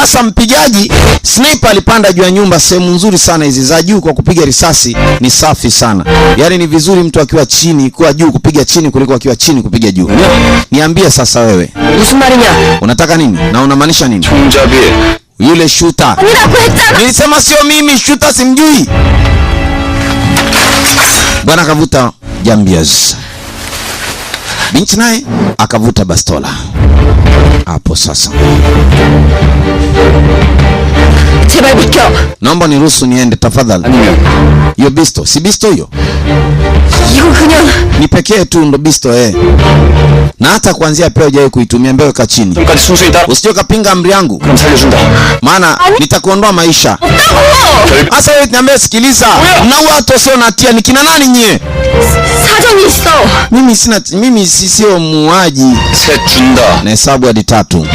Sasa mpigaji sniper alipanda juu ya nyumba, sehemu nzuri sana hizi za juu kwa kupiga risasi ni safi sana. Yaani ni vizuri mtu akiwa chini kwa juu kupiga chini kuliko akiwa chini kupiga juu. Niambie sasa wewe. Unataka nini? Na unamaanisha nini? Yule shuta. Nilisema sio mimi, shuta simjui. Bwana kavuta jambias. Binti naye akavuta bastola. Hapo sasa, naomba niruhusu niende tafadhali. Hiyo bisto si bisto hiyo ni pekee tu ndo bisto eh. Na hata kuanzia pia hujawahi kuitumia, mbeo ka chini, usije ukapinga amri yangu, maana nitakuondoa maisha. Sasa wewe niambie, sikiliza, na watu wasio na ni kina nani nyie? Mimi sina, mimi sio muuaji. Nahesabu hadi tatu.